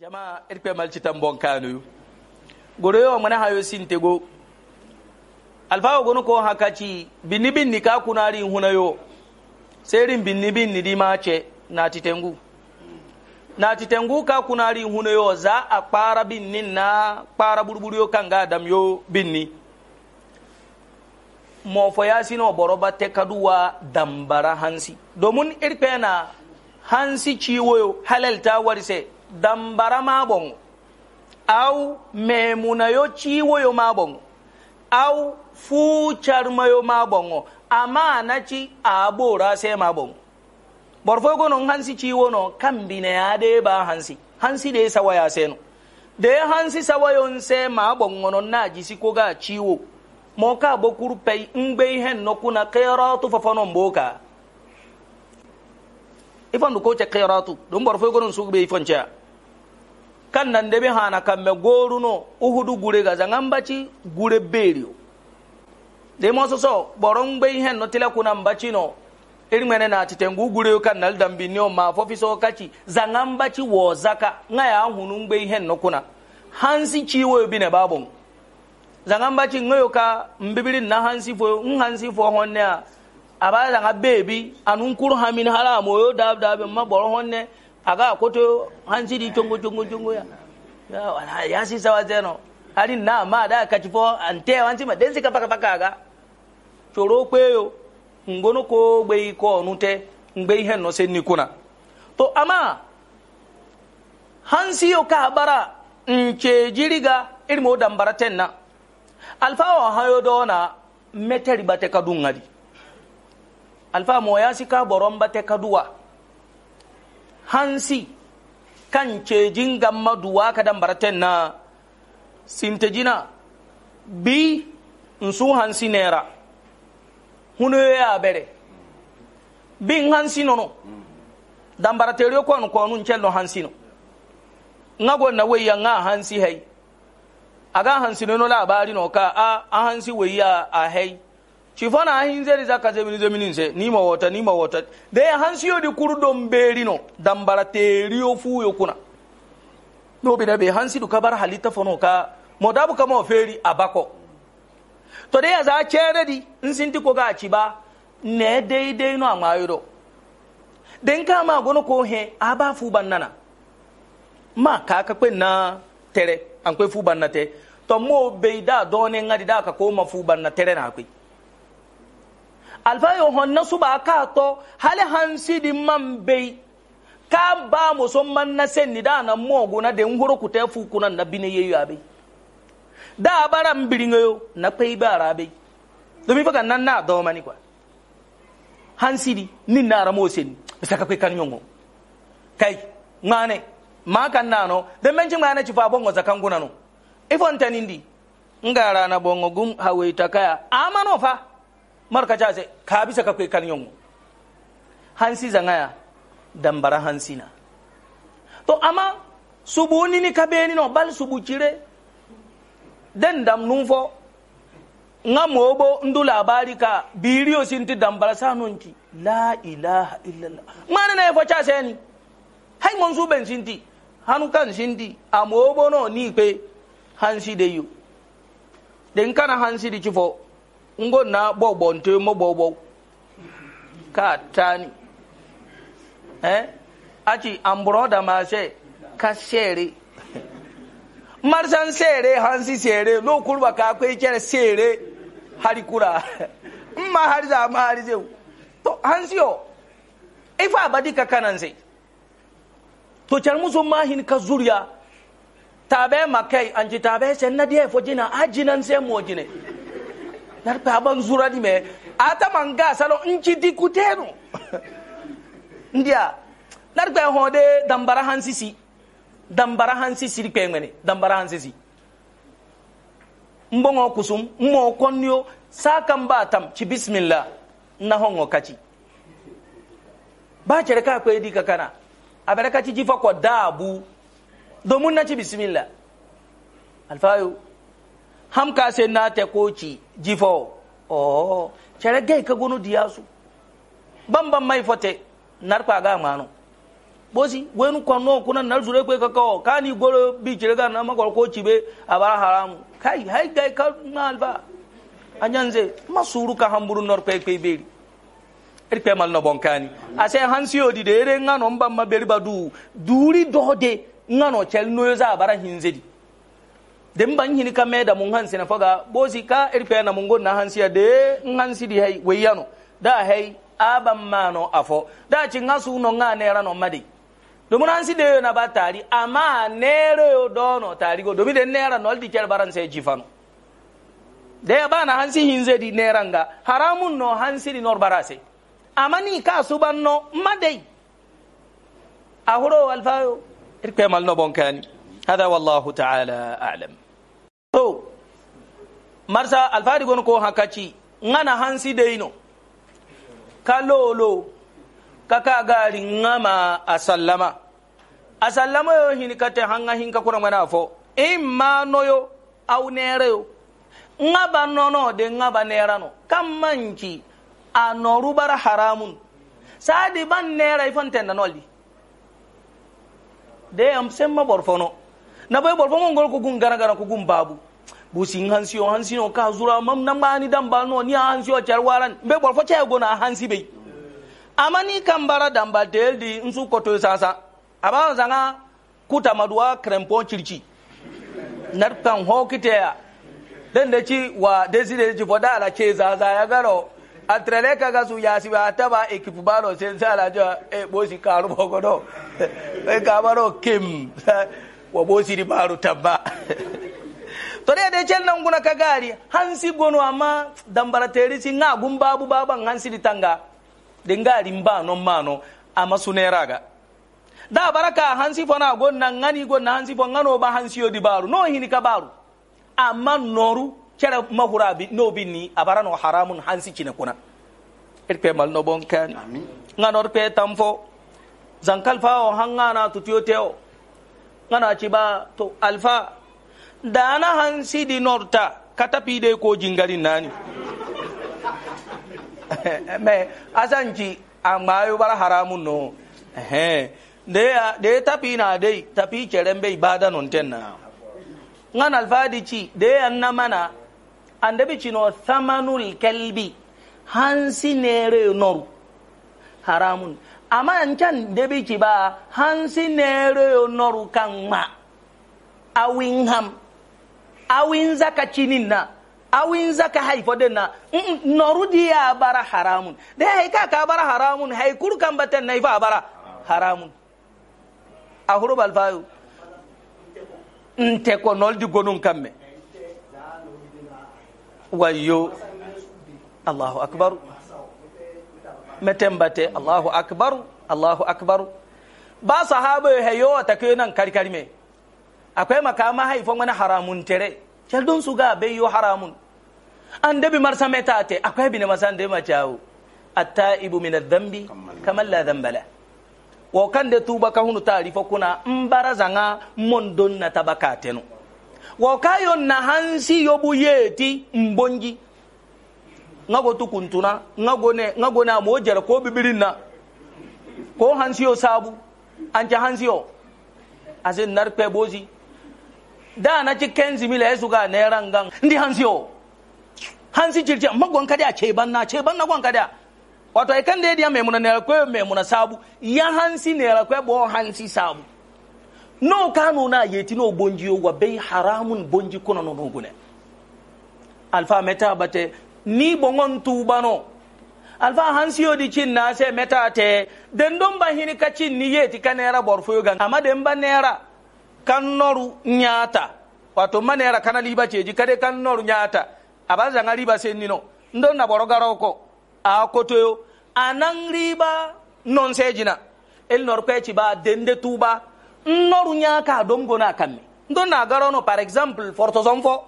jama irpe malcitan bonkanoyu goro yo mana hayo sintego alfawo gonu ko hakaci binni binni ka kunari hunayo serin binni binni di mace na titengu na titengu ka kunari hunayo za a kpara binni na kpara burburu yo kan ga adam yo binni mofo yasino boroba te kaduwa dambara hansi domin irpe na hansi ciwoyo halalta warise dambara ma bongo au memunayo ciwoyo ma bongo au fucarmayo ma bongo amma naci a bora se ma bongo bor foy gonon hansi ciwono kambineya de ba hansi hansi de sawaya seno de hansi sawayon se ma bongo non na jisi koga ciwo mo ka bokuru pey ngbe ihe nnokwu na kairatu fafonon boka ifandu ko ce kairatu don bor foy gonon sugbe ifanceya kan nan debe hana kamme goruno uhudu gure ga zangan baci gure beriyo de mo so boron be hen no tila kuna mbaci no irin mene na titengu gure kan nal dambi ni o ma fofi so kaci zangan baci wo zaka ngaya hunun be hen no kuna hansi ciwo bi ne babon zangan baci ngayo ka mbibirin na hansi fo un hansi fo honne a aba zanga bebi anun kur hamin hala moyo dab dab ma boron honne aga koto hansidi chongo chongo chongo ya ya wala yasi sawa zeno hali na ma da katifo ante wansima densi kapaka pakaga choro kweyo ngono ko gbe ko nute ngbe ihe no se nikuna to ama hansi yo ka bara nche jiriga ilmo dambara tenna alfawa hayo dona meteri bate kadungadi alfa moyasi ka boron bate kaduwa hansi kan cejin gamma duwa ka dan baraten na sintejina bi nsu hansi nera hunu ya bere bin hansi nono dan barateriyo kwanu kwanu no hansi no nga gonna weya nga hansi hai aga hansi nono labari no ka a hansi weya a hai cifana a hinzeri zaka zemini zemini nse nima wota nima wota de hansiyo di kuru don berino dambara teriyo fuyo kuna no bi da be hansi du kabar halitta fono ka modabu kama feri abako to de ya za cere di nsinti ko ga ciba ne daidai no amayiro den kama gono ko he aba fu bannana ma ka ka kwen na tere an kwe fu banna te to mo be da doni ngadi da ka ko ma fu banna tere na kwe alfa yo honna suba ka to hali hansi di man ka ba muso man na sen ni dana mogu na de nguru ku te fu kuna na bine yeyu abe da bara mbiringo yo na pei bara abe mi faka nan na do mani kwa hansi di ni na ra mo sen saka kai kan nyongo kai ngane ma kan na no de menji ngane ci fa bongo guna no ifon tanindi ngara na bongo gum hawe takaya amano fa marka chase kabisa kakwe kan yongo hansi zangaya dambara hansina to ama subu nini kabeni no bal subu chire den dam numfo nga mobo ndu labari ka biriyo sinti dambara sanonki la ilaha illallah mana na fo chase ni hay mon su ben sinti hanu kan sinti amobo no ni pe hansi de yo den kana hansi di chifo ngo na gbogbo nte mo gbogbo ka tani eh aci amburo da ma se ka sere marsan sere hansi sere lo kurba ka kai kere sere hari kura ma hari da ma hari zeu to hansi yo ifa abadi ka kanan sai to char musu mahin ka zuriya tabe makai anji tabe sen na dia fojina ajinan sai mo jine narpe abanzurani me atamanga salo nci dikutenu ndiya narpe hode dambara hansisi dambara hansisi rikpengmene dambara hansisi mbongo kusum mo konyo sakan ba tam ci bismillah na hongo kaci ba cere ka kwai dika kana abere kaci jifa ko dabu domin na ci bismillah alfayo hamka se na ko ci. jifo o oh. cere gay ka diya gonu diyasu bambam mai fote narpa ga manu bosi wenu kwano kuna nar zure kwe ka kawo kani goro bi cire ga na makwar ko cibe a bar haramu kai hai gai ka na alba anyan ze masuru ka hamburu nor kwe kwe beri irpe mal no bonkani ase hansi odi de ere ngano mbamma beri badu duri dode ngano chel noyo za bara hinzedi den ban hini ka me mun hansi na faga bozi ka irfe na mun gonna hansi ya de hansi di hay weyano da hay aban mano afo da ci ngasu no nga ne rano madi mun hansi de na batari ama ne ro yo dono tari go domin de ne rano aldi ker baran sai jifano de ba na hansi hinze di neranga haramun no hansi di nor barase amma ni ka suban no madai ahuro alfayo irpe mal no bonkani هذا والله تعالى أعلم marsa alfari gon ko hakaci ngana hansi deino kalolo kaka gari ngama asallama asallama yo hini kate hanga hinka kura mana fo imma noyo au nere yo ngaba nono de ngaba nerano kamanci a noru haramun sadi ban nera ifan tenda noldi de am semma borfono na boy borfo ngol ko gun gara gara ko gun babu busi hansi oh, hansio oh, ka zura mam nan ba ni dan ba no ni ah, hansio oh, charwaran be bor fo che go na ah, hansi be amani bara dan ba di nsu sa sa aba zanga kuta maduwa krempon chirchi nar kan ho kiteya dan da ci wa desire ji boda ala ke za ya garo atrele ka ga su si ba ta ba ekip ba lo sen la jo e bosi karu bogodo e ka baro kim wa si di baru tabba torede chelna nguna kagari hansi gono ama dambara terisi nga gumbabu baba hansi ditanga dengali mbano mano ama suneraga da baraka hansi fona gonna ngani gonna hansi fo ngano ba hansi yo dibaru no hini kabaru amma noru kera mahurabi no binni abarano haramun hansi kina kuna irpe er mal no bonkan amin ngano pe tamfo zankal o hangana tutio teo ngana chiba to alfa dana di norta kata pide ko jingarin nani me asanci a yo bara haramun no eh de de tapi na dai tapi keren bai da non tenna ngan alfadi ci de anna mana andabi ci no samanul kalbi hansi nere noru haramun amma an can debi ci ba hansi nere noru kan ma awin ham awinza ka cinin na awinza ka haifodin na noru y'a bara haramun da ya ka ka bara haramun hay kuru kan baten na ifa bara haramun a hurubal fayo in ko noldi gonun me wayo allahu akbaru meten bate allahu akbaru allahu akbaru ba sahaba yo heyo ta nan karkari me akwai makama haifon wani haramun tere kyal don su ga bai yo haramun an dabi marsa mai tate akwai bi ne masa da ma chawo attaibu min adh-dhanbi la dhanba wa kan da tuba ka hunu tarifa kuna in barazanga mon don na tabaka tenu wa kayo na hansi yobu yeti mbonji ngago tukuntuna ngago ne ngago na mo jere ko bibirin na ko y'o sabu an ci hansiyo asin narpe bozi da na ci kenzi mila yesu ga yaran gan ndi hansi yo hansi amma magwan kada ce ban na ce ban na gwan kada wato ai kan da yadiya mai muna ne ko mai muna sabu ya hansi ne ra ko bon hansi sabu no kanu na yeti no bonji wa bai haramun bonji kono no gune alfa meta bate ni bongon tubano alfa o di cin na se meta te den ba hini kacin ni yeti kanera borfoyo gan amma den ba nera kan nyata ñaata mane ara kana liba cheji kade kan nyata abaza ngaliba senino ndo na borogaro ko a kotoyo anan riba non sejina el nor kweci ba dende tuba noru nyaka dongo na kanne ndo na garono par exemple forto zonfo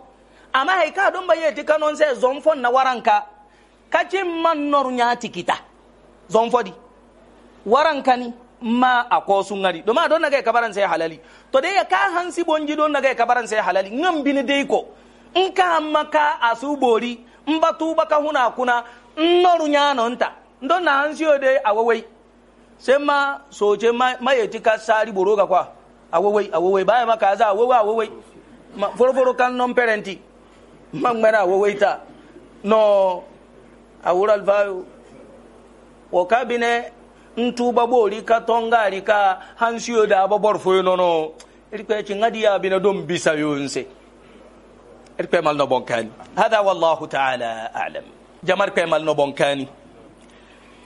ama hay ka dom bayeti kanon se zonfo na waranka kachi man noru nyati kita zonfo di warankani ma a kosun ngari do ma don naga kabaran sai halali to dai ya ka hansi bonji don naga kabaran sai halali ngam bini dai ko in ka maka asubori in ba tuba ka huna kuna in noru nya nonta don na hansi o dai awawai sai ma soje ma ya ka sari ga kwa awawai awawai baya maka za awawai awawai foroforo kan non parenti ma ngara awawai ta no awural fayo wa kabine ntuba bori katonga alika hansiyo da ababor foyo nono irikwe chingadi ya bina dom bisa yonse irikwe mal no bonkani hada wallahu ta'ala a'lam jamar kwe mal no bonkani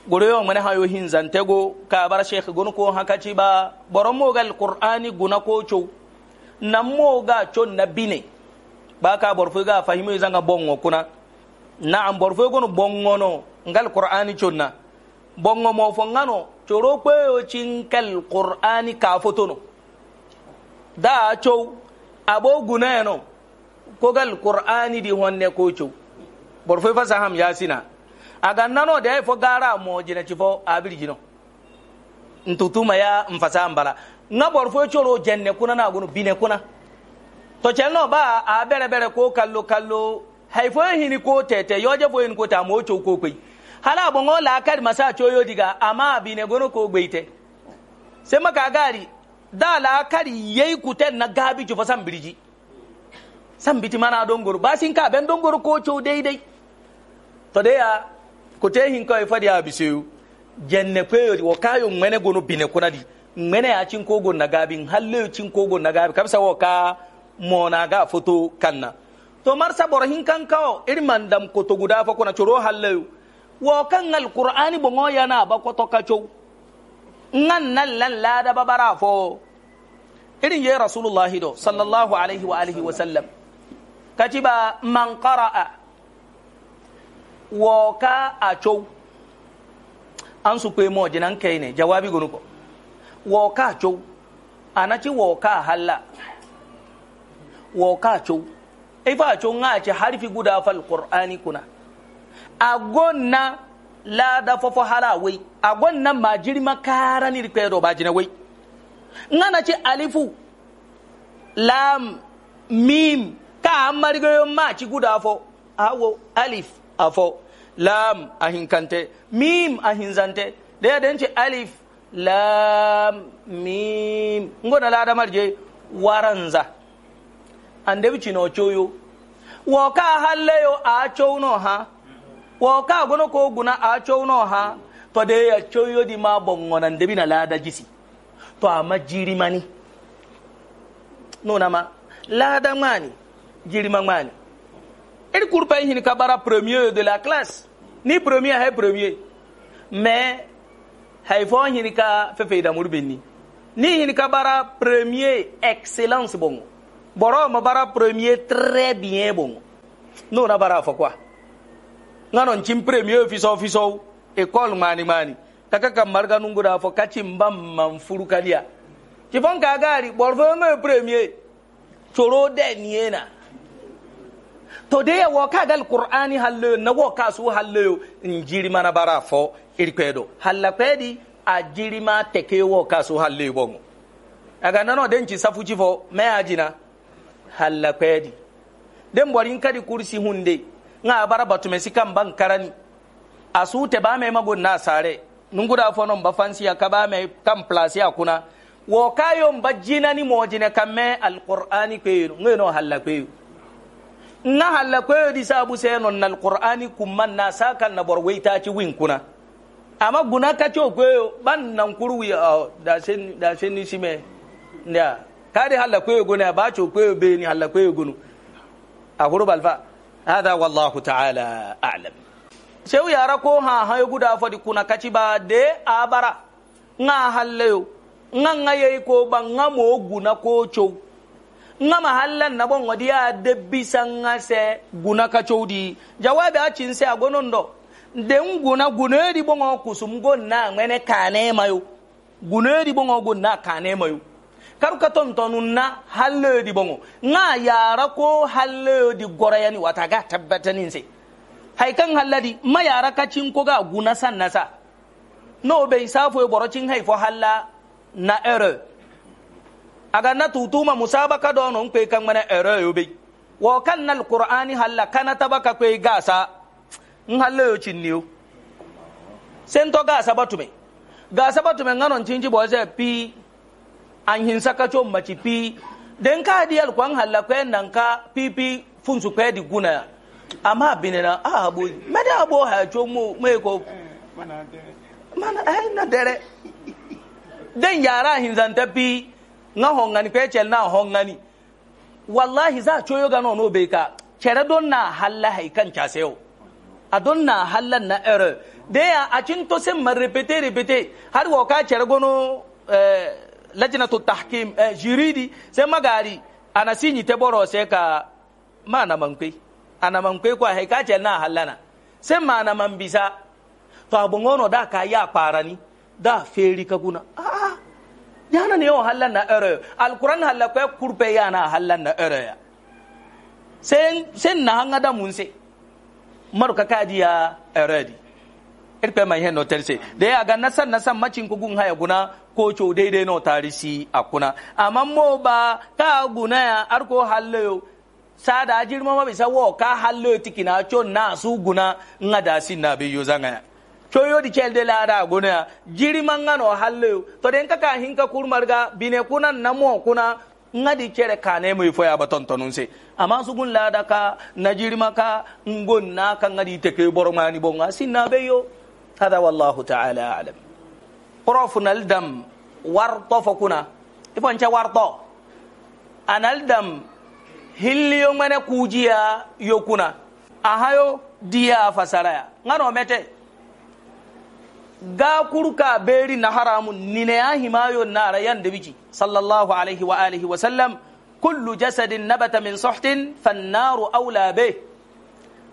goro yo mana hayo hinzantego ka bar sheikh gon ko hakaci ba boron mogal qur'ani guna ko cho nan moga cho na bine ba ka borfo ga fahimu zanga bongo kuna na am borfo gon bongo no ngal qur'ani cho na bongo mo fongano choro kweyo cinkal qur'ani ka fotono da cow abo gunayano kogal qur'ani di honne ko cow bor foy fa saham yasina aga nano de ay fo gara mo jina ci fo abiri jino ntutuma ya mfasa mbala nga bor foy choro jenne kuna na gunu bine kuna to chelno ba a bere bere ko kallo kallo hay foy hini ko tete yoje foy hin ko ta mo cow ko kwai hala bongo la kar masa coyo diga amma bine gono ko gbeite se maka gari da la kar yei kute na gabi ki fa san san biti mana don goro ba sin ka ben don goro ko co daidai to dai ya kute hin kai fadi ya jenne pe wo kayo mene gono bine kuna di mene ya cin kogo na gabi halle cin kogo na gabi kamsa wo ka mona ga foto kanna to marsa borohin kan kawo irman dam koto guda fa kuna choro halle wo kan alqur'ani bongo yana ba kwato kacho ngan nan lan lada babara fo irin ye rasulullahi do sallallahu alaihi wa alihi wa sallam kaci ba man qara'a wo ka acho an su kwe mo jinan kai ne jawabi gunu ko wo ka acho anaci wo ka halla wo ka acho ifa acho nga ci harfi guda fal qur'ani kuna na lada fofo hala wai na ma jirma kara ni rikpe do bajina wai ngana ci alifu lam mim ka amarigo yo ma ci guda fo awo alif afo lam ahinkante mim ahinzante da ya danci alif lam mim ngona lada marje waranza ande andebi cino choyo wo ka halle yo a cowno ha wo ka gono ko guna a chouno ha to de ya di ma bongonan debi na lada jisi to ama jirimani nunama lada ŋmani jirima ŋmani iri kurpa hin ka bara premier de la classe ni premier hay premier mais hay fo hin ka da benni ni hin ka bara premier excellence bongo boro ma bara premier très bien bongo na bara fo quoi nganon cin premier fiso fiso école mani mani taka kam marga nungura fo kaci mbam man furu kaliya ci fon ka gari bor fo me premier coro de niena to de ya woka gal qur'ani hallo na woka su hallo injiri mana bara fo irkwedo halla kwedi a jiri ma teke woka su hallo bongo aga nano den ci safu ci fo me ajina halla kwedi den borin kadi kursi hunde nga bara batume sikam ban karani te ba me magun na sare nunguda fonon ba fansi ya kaba me kam place ya kuna wo kayo mbajina ni mojine me alqur'ani kweyo no halla kweyo na halla kweyo di sabu non na alqur'ani kumman na saka na bor weita ci win kuna amma guna ka cho ko ban nan kurwi ah, da sen da sen ni sime nda kare halla kweyo gona ba cho kweyo be ni halla kweyo gunu a fa hada wallahu taala alam sew yara ko ha hayoguda fodi kuna kaciba de abara nga halleyo nga nga yeyi ko ba nga mo guna ko cow nga ma halla nabo ngodi ya debbi sanga se guna ka cow di jawabi a cinse a gonon do de n guna guneedi bongo kusum gon na ngene kanemayo guneedi bongo gon na kanemayo kar ka ton tonun na hallodi bongo nga yara ko hallodi gorayani wata ga tabbatanin sai haikan halladi ma yara ka cin ko ga guna san nasa no bai safo e borocin haifo halla na error aga na tutuma musabaka do non kwe kan mana error e yo bai wa kan nal qur'ani halla kana tabaka kwe gasa in halla yo e cin niyo sen to gasa batume gasa batume nganon cinji boze pi an hin saka cho machi pi den ka di al kwan halla kwen nan ka pipi su kwe di guna amma binina a ah, abu mada abu ha cho mu me ko mana eh na dere den yara hinzan ta pi nga hongani kwe chel na hongani wallahi za cho yoga no no be ka chere don na halla haikan chaseo a don na hallan na error da a cin to sai repete repete har wa ka cere gono eh lajnatu tahkim eh, jiridi sai magari ana sinyi ta boro sai ka ma na mankwe ana mankwe kwa hai ka na halana sai ma na man bisa to abun ono da ka ya parani da feri ka guna ah yana ne yawan hallan na ero alquran halla kwa kurpe yana hallan na ero ya sai sai na hanga da mun sai maruka kadiya eredi irpe man hen no terse de aga nasan nasan macin ku gun haya guna ko co daidai no tarisi akuna amma mo ba ka guna ya arko hallo sada ajirma ma bisa wo ka hallo tikina co na su guna nga da sin na be yo zanga ya coyodi celde laada gonoya jirimangano halloyo to den kaka hinka kurmarga bine kuna namo kuna ngadi cere kanemoy foya ba tontonun se amma sugun laada ka najirima ka ngon na ka ngadi teke boromani bonga sinna be yo هذا والله تعالى أعلم قرافنا الدم ورطو فكنا إفو أنت ورطو أنا الدم هل يوم أنا كوجيا يوكنا أهايو ديا فسرايا ngano mete ga kuruka beri na haramun nine ya himayo nara yan da biki sallallahu alaihi wa alihi wa sallam kullu jasadin nabata min suhtin fannaru aula bih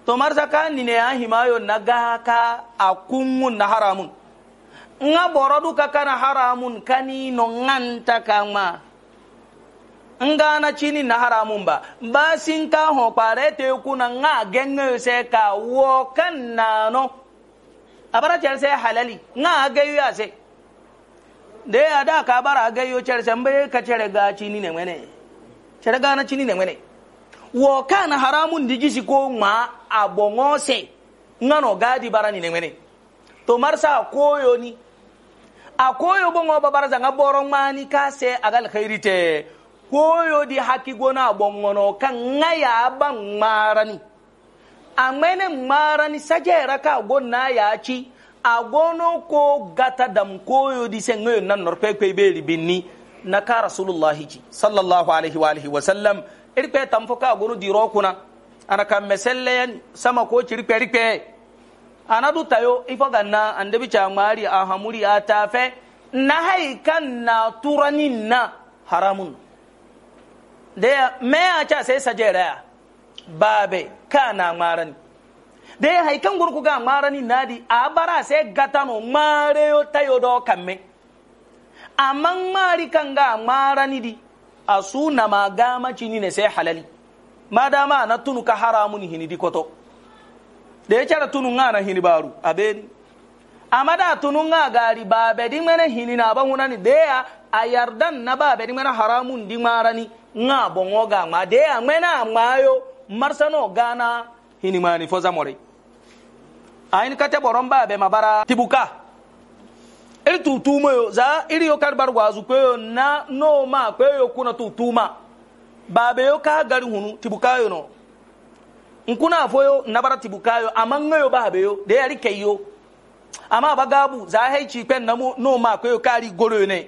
to marzaka ni ne an himayo na gaka a kunmun na haramun nga boro duka kana haramun kani no nganta kama nga na chini na haramun ba sin ka ho pare te na nga genge se ka wo kan na no abara chal se halali nga ga yu ase de ada ka bara yu chal se mbe ka chere ga chini ne mene chere ga na chini ne mene wo kana haramun digisi ko ma se ngano gadi barani nengmene to marsa koyo ni a koyo bongo babara zanga boron mani ka se agal khairi te koyo di haki gona no kan ngaya ban marani amene marani sajera ka gona ya ci a gono ko gata dam koyo di se ngoyo nan norpe kwe beri binni na ka rasulullahi ci sallallahu alaihi wa alihi wa sallam irkpe tamfo ka gunu diro kuna ana kan meselleyan sama ko cirkpe irkpe anadu tayo ifo ganna andebi ca ŋmaari a hamuri a tafe na hay kan na turanin na haramun de me a ca sai sajereya babe ka na de hay kan gurku ga ŋmaarani nadi a bara sai gatano ŋmaareyo tayo do kamme amma ŋmaari kan ga ŋmaarani di a su na ma gama cini ne sai halali ma dama na tunu ka haramun hini di da ya cara tunun nga na hini baru a beni amma da tunun nga gari ba bedi mana hini na ban hunani da ya a yardan na ba bedi mana haramun di marani nga bongo ga ma da ya mena mayo marsano gana hini mani fo zamore ayin kate boron ba be bara. tibuka iri tutuma yo za iri yo kar bar gwazu kwe yo na no ma kwe yo kuna tutuma babe yo ka gari hunu tibukayo no nkuna fo yo nabara tibukayo amanga yo babe yo de yari kai yo amma bagabu za haici pen na no ma kwe yo kari goro ne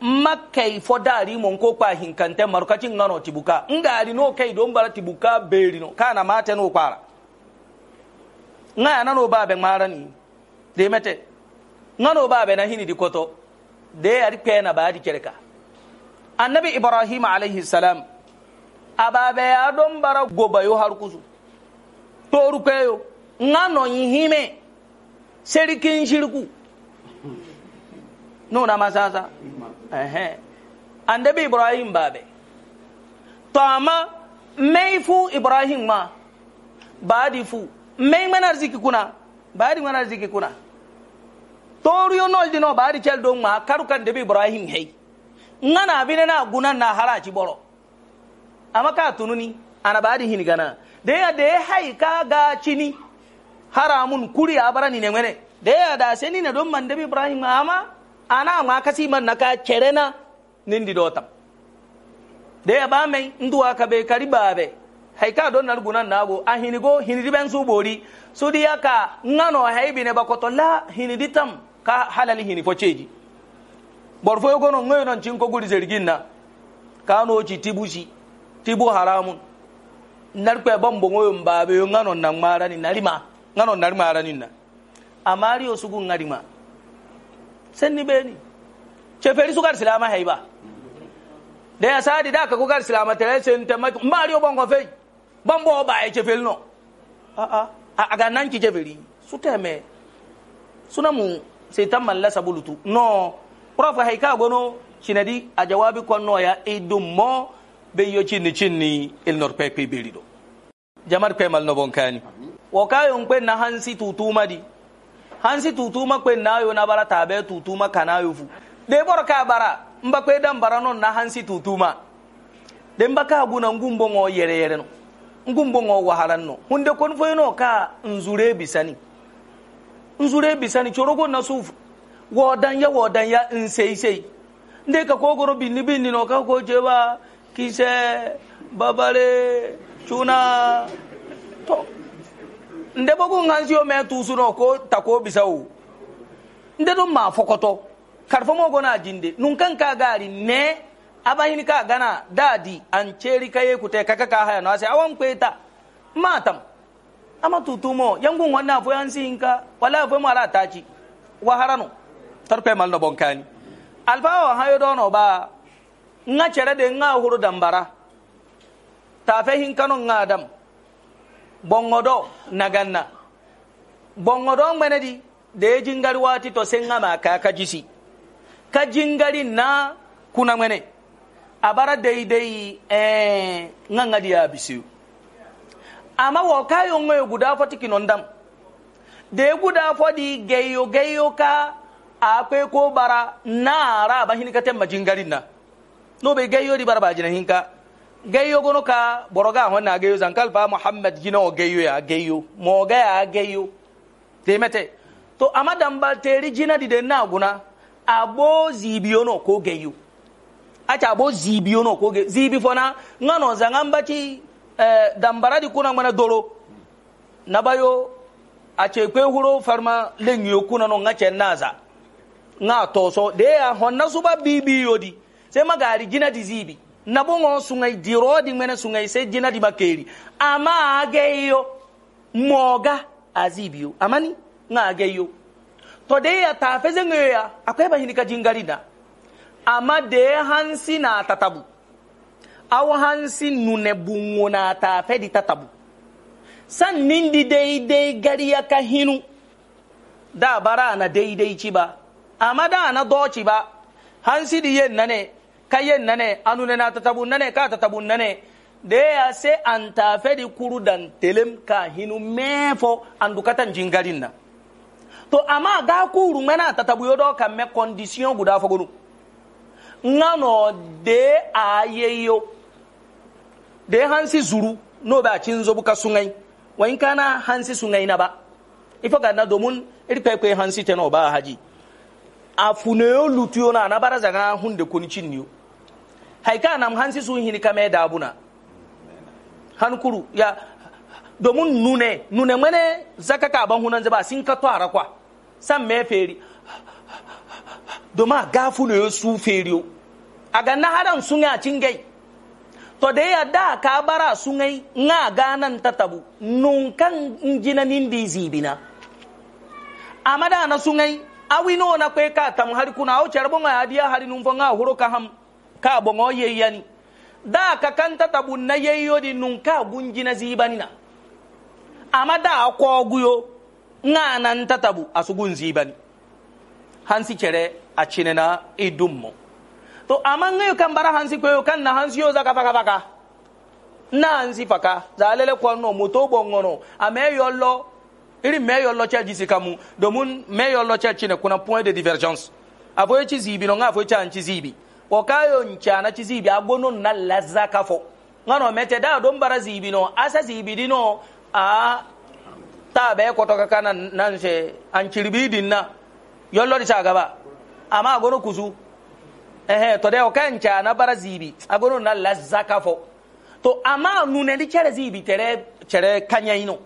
makai fo dari mon ko kwa hinkante marukacin ngano tibuka ngari no kai don bara tibuka beri no kana mate no kwara ngaya nano babe marani de mete ngano baɓe na hinidi koto de ari ba di kereka annabi ibrahim alayhi salam abaɓe ya ɗon bara gobayo har kusu toru kpeyo ngano yihime serikin shirku nuna masasa annabi ibrahim babe to ama mai fu ibrahim ma baadi fu mai mana arziki kuna badi mana ziki kuna toriyo noldino baari chel do ma karukan debi ibrahim hey ngana bine na gunan na haraci boro amma ka tununi ana baari hini gana de ya de hai ka ga chini haramun kuri abara ne ngene de ya da seni na don man debi ibrahim ama ana ma kasi man na ka kerena nindi de ya ba mai nduwa ka be karibabe haika don nar gunan nago a hinigo hinidi ben su bori su diya ka ngano haibi hinidi tam ka halali hini fo ceji bor fo yogono ngoy non cin ko gudi zergin na kano ci tibusi tibu haramun nar kwe bombo ngoy mbabe yo ngano na ngmara ni narima ngano na ngmara ni na amari osugu ngarima senni beni feri sugar salama hayba de ya sadi da ka kugar salama tare sen ta mati mari yo bongo fei bombo ba e cheferi no a a aga nan ki feri su teme suna mu seitan man la sabulutu no prof hay ka gono cinadi a jawabi konnoya e dum mo be yo cinni cinni il nor pepe berido jamar pe mal no bon kani wo kayon pe na hansi tutuma di hansi tutuma pe na yo na bara tabe tutuma kana yo fu de bor ka bara mba pe dan bara non na hansi tutuma de mba ka guna ngumbo ngo yere yere no ngumbo ngo wahalan no hunde kon foyno ka nzure bisani nzure bisani choro ko nasuf wodan ya wodan ya insei sei nde ka kogoro binni binni no ka ko jeba kise babare cuna to nde bogu ŋansiyo me tusuno ko tako o nde don ma fokoto karfo mogo na jinde nun kan ka gari ne abahini ka gana dadi an ceri kaye kute kakaka ka haya no ase awan kweta matam ama tutumo yangu wanna fo yansinka wala fo mara taci wa harano tarpe mal no bonkani alfawa hayo dono ba nga cere de nga huru dambara ta fe hin nga adam bongodo naganna bongodo ngmene di de jingari wati to senga ma ka ka jisi ka jingari na kuna mene abara dei eh nga nga di abisiu amma wo kayo ngoyo guda dam da de guda fodi geyo geyo ka akwe ko bara na nara ba hinika majin garin na no be geyo di bara ba jina hinka geyo gono ka boroga na geyo zan fa muhammad gina o geyo ya geyo mo ga ya geyo temete to amma dan ba teri jina di de na guna abo n'o ko geyo acha abo n'o ko geyo zibi fona ngano zangamba ti Eh, dambara di kuna ngwana doro nabayo a ce kwe huro farma lenyo kuna no ngace naza nga toso de ya honna suba bibi yodi sai magari gina di zibi na bongo sungai di rodi sungai sai gina di bakeri ama ageyo moga azibiyo amani nga ageyo to de ya tafe zengeya akwai bahini ka jingari da amma de hansi na tatabu aw hansi nunɛbunŋonata fɛdi tatabu san nindi dei gariya ka hinu da bara na deidei ciba amma da na doci ba hansi di yen nane ka yen nane anu nana tatabu nane ka tabu nane de ya se an tafe di kuru dan telem ka hinu mefo an dukatan jingarin na to amma ga kuru mana tatabu yodo kan me condition guda fagunu ngano de ayeyo de hansi zuru no ba cin zo buka sungai wa in kana hansi sungai na ba ifo ga na iri kai kai hansi ta no ba haji afune lutio na na bara zaga hunde koni niyo haika nam hansi sun hini kame da abuna kuru ya domin nune nune mene zaka ka ban hunan zaba sin ka to arakwa san me feri domin gafu ne su feriyo a ga na haran sun ya gai. to da ya da ka bara sungai nga ganan ta tabu nun kan injina nindi zibina amada na sungai awi no na kwe ka tam har kuna o charbo nga adiya hari nun nga huro ka ham ka bongo ye yani da ka kan ta tabu na ye yodi nun ka gunjina zibanina amada ko guyo nga nan ta tabu asugun zibani hansi chere a cinena idummo to amangayo kambara hansi kweyo kan na hansi yo zaka faka faka na hansi faka zalele kwanno muto bongono ameyo lo iri meyo lo cha jisi kamu domun meyo lo cha chine kuna point de divergence avoye chizibi no nga avoye cha chizibi wakayo nchana chizibi agono na lazaka fo ngano mete da don bara zibi no asa zibi dino a ta be kotoka kana nan she an chirbidin na yollo di cha gaba amma agono kuzu ehe to de o kan ca na bara zibi agono na lazza kafo to amma nune di cere zibi tere cere kanya ino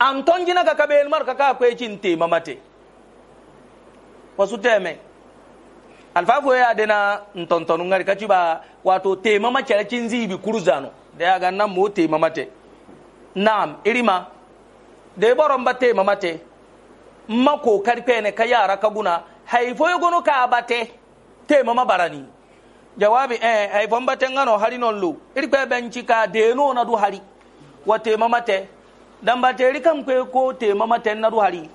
anton jina ka kabel mar ka ka kwe cin te mamate wasu teme alfafo ya dena ntontonu ngari kaci ba wato te mama cere cin zibi kuruzano da ya ga nan mo te mamate na'am irima da ya baron ba te mamate ma kokari ne ka yara ka guna haifo ya gono ka abate tema mabarani jawabi eh ay eh, bomba tengano hari non lu iri kwe benci ka de no na du hari wa tema mate dan ba te kan kwe ko tema mate na du hari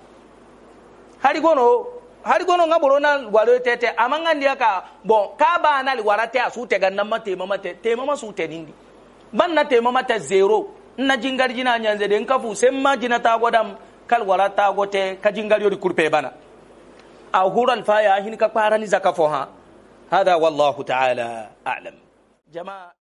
hari gono hari gono ngaboro na gwalo tete amanga ndia ka bon ka ba na li warate asu te ganna mate mama te tema su te nindi ban na tema mate zero na jingar jina nyanze den kafu semma jina ta godam kal warata gote ka jingar yori kurpe bana a hural faya hin ka parani zaka fo ha هذا والله تعالى أعلم جماعة